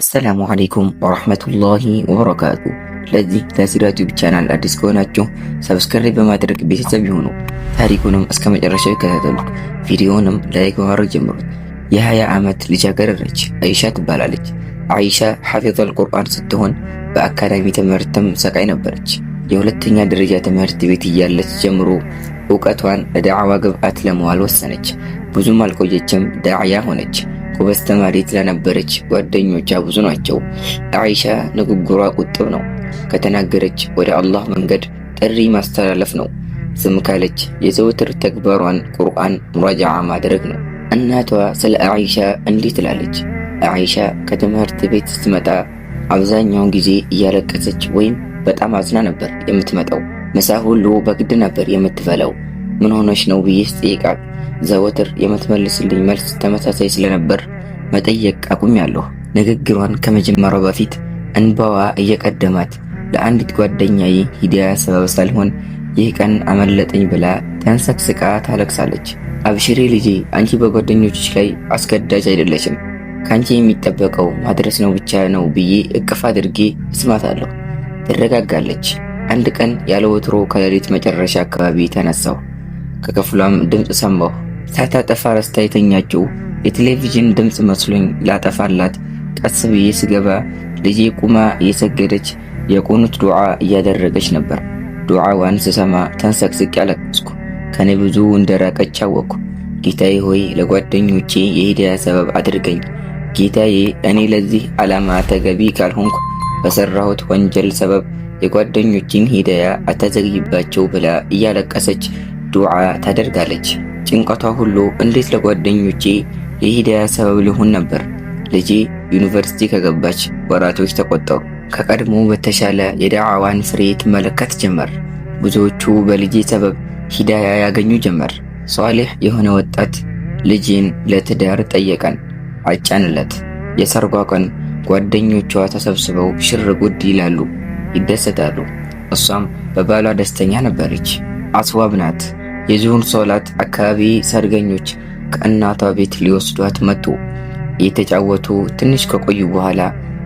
አሰላሙ አሌይኩም ወረህመቱላሂ ወበረካቱ። ለዚህ ለሲራቱ ቻናል አዲስ ከሆናችሁ ሰብስክራይብ በማድረግ ቤተሰብ ይሁኑ። ታሪኩንም እስከ መጨረሻው ይከታተሉ። ቪዲዮንም ላይክ በማድረግ ጀምሩት። የ20 ዓመት ልጃገረድ ነች። አይሻ ትባላለች። አይሻ ሐፊዝ አልቁርአን ስትሆን በአካዳሚ ትምህርትም ሰቃይ ነበረች። የሁለተኛ ደረጃ ትምህርት ቤት እያለች ጀምሮ እውቀቷን ለዳዕዋ ግብዓት ለመዋል ወሰነች። ብዙም አልቆየችም፣ ዳዕያ ሆነች። ጎበዝ ተማሪ ስለነበረች ጓደኞቿ ብዙ ናቸው። አይሻ ንግግሯ ቁጥብ ነው። ከተናገረች ወደ አላህ መንገድ ጥሪ ማስተላለፍ ነው። ዝም ካለች የዘውትር ተግባሯን ቁርአን ሙራጃዓ ማድረግ ነው። እናቷ ስለ አይሻ እንዲህ ትላለች። አይሻ ከትምህርት ቤት ስትመጣ አብዛኛውን ጊዜ እያለቀሰች ወይም በጣም አዝና ነበር የምትመጣው። ምሳ ሁሉ በግድ ነበር የምትበላው። ምን ሆነች ነው ብዬ ስጠይቃት ዘወትር የምትመልስልኝ መልስ ተመሳሳይ ስለነበር መጠየቅ አቁሜያለሁ። ንግግሯን ከመጀመሯ በፊት እንባዋ እየቀደማት ለአንዲት ጓደኛዬ ሂዳያ ሰበብ ሳልሆን ይህ ቀን አመለጠኝ ብላ ተንሰቅስቃ ታለቅሳለች። አብሽሬ ልጄ፣ አንቺ በጓደኞችሽ ላይ አስገዳጅ አይደለችም። ከአንቺ የሚጠበቀው ማድረስ ነው ብቻ ነው ብዬ እቅፍ አድርጌ እስማታለሁ። ትረጋጋለች። አንድ ቀን ያለ ወትሮ ከሌሊት መጨረሻ አካባቢ ተነሳው። ከክፍሏም ድምፅ ሰማሁ። ሳታጠፋ ረስታ የተኛችው የቴሌቪዥን ድምፅ መስሎኝ ላጠፋላት ቀስ ብዬ ስገባ ልጄ ቁማ እየሰገደች የቁኑት ዱዓ እያደረገች ነበር። ዱዓዋን ስሰማ ተንሰቅስቅ ያለቀስኩ፣ ከኔ ብዙ እንደራቀች አወቅኩ። ጌታዬ ሆይ ለጓደኞቼ የሂዳያ ሰበብ አድርገኝ። ጌታዬ እኔ ለዚህ ዓላማ ተገቢ ካልሆንኩ በሰራሁት ወንጀል ሰበብ የጓደኞችን ሂዳያ አታዘግይባቸው ብላ እያለቀሰች ዱዓ ታደርጋለች። ጭንቀቷ ሁሉ እንዴት ለጓደኞቼ የሂዳያ ሰበብ ልሁን ነበር። ልጄ ዩኒቨርሲቲ ከገባች ወራቶች ተቆጠሩ። ከቀድሞ በተሻለ የዳዕዋን ፍሬ ትመለከት ጀመር። ብዙዎቹ በልጄ ሰበብ ሂዳያ ያገኙ ጀመር። ሷሌሕ የሆነ ወጣት ልጄን ለትዳር ጠየቀን፣ አጫንለት። የሰርጓ ቀን ጓደኞቿ ተሰብስበው ሽር ጉድ ይላሉ፣ ይደሰታሉ። እሷም በባሏ ደስተኛ ነበረች። አስዋብ ናት። የዙሁር ሶላት አካባቢ ሰርገኞች ከእናቷ ቤት ሊወስዷት መጡ። እየተጫወቱ ትንሽ ከቆዩ በኋላ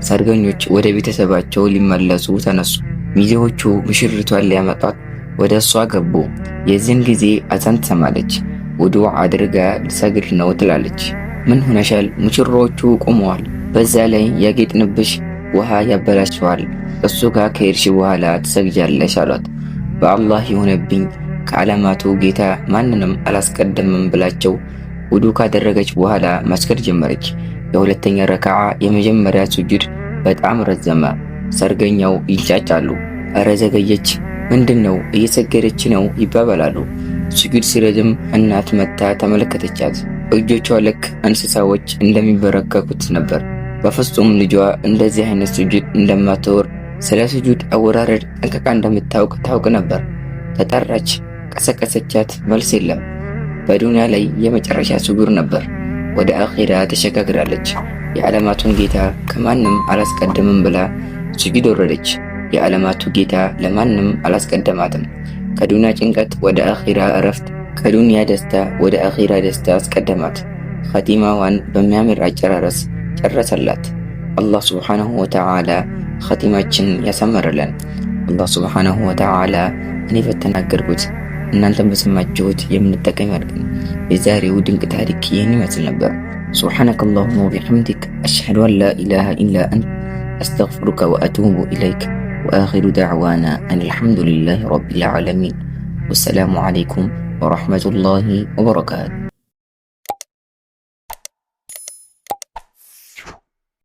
ሰርገኞች ወደ ቤተሰባቸው ሊመለሱ ተነሱ። ሚዜዎቹ ምሽርቷን ሊያመጧት ወደ እሷ ገቡ። የዚህን ጊዜ አዛን ትሰማለች። ውዱ አድርጋ ልሰግድ ነው ትላለች። ምን ሆነሻል? ሙሽሮቹ ቆመዋል፣ በዛ ላይ ያጌጥንብሽ ውሃ ያበላሸዋል። እሱ ጋር ከሄድሽ በኋላ ትሰግጃለሽ አሏት። በአላህ የሆነብኝ ከዓለማቱ ጌታ ማንንም አላስቀደምም ብላቸው ውዱ ካደረገች በኋላ መስገድ ጀመረች። የሁለተኛ ረካዓ የመጀመሪያ ሱጁድ በጣም ረዘመ። ሰርገኛው ይጫጫሉ። እረ ዘገየች፣ ምንድን ነው እየሰገደች ነው ይባባላሉ። ሱጁድ ሲረዝም እናት መታ ተመለከተቻት። እጆቿ ልክ እንስሳዎች እንደሚበረከኩት ነበር። በፍጹም ልጇ እንደዚህ አይነት ሱጁድ እንደማትወር ስለ ሱጁድ አወራረድ ጠንቀቃ እንደምታውቅ ታውቅ ነበር። ተጠራች። ቀሰቀሰቻት። መልስ የለም። በዱንያ ላይ የመጨረሻ ስጉር ነበር። ወደ አኼራ ተሸጋግራለች። የዓለማቱን ጌታ ከማንም አላስቀደምም ብላ ስጁድ ወረደች። የዓለማቱ ጌታ ለማንም አላስቀደማትም። ከዱንያ ጭንቀት ወደ አኼራ እረፍት፣ ከዱንያ ደስታ ወደ አኼራ ደስታ አስቀደማት። ኸቲማዋን በሚያምር አጨራረስ ጨረሰላት። አላህ ስብሓንሁ ወተዓላ ኸቲማችን ያሳመረለን። አላህ ስብሓንሁ ወተዓላ እኔ በተናገርኩት እናንተም በሰማችሁት የምንጠቀም ማለት ነው። የዛሬው ድንቅ ታሪክ ይህን ይመስል ነበር። ሱብሓነከ አላሁመ ወቢሐምዲክ አሽሀዱ አን ላ ኢላሃ ኢላ አንት አስተግፊሩከ ወአቱቡ ኢለይክ ወአኺሩ ዳዕዋና አን አልሐምዱሊላሂ ረቢል ዓለሚን ወሰላሙ ዓለይኩም ወረሕመቱላሂ ወበረካቱ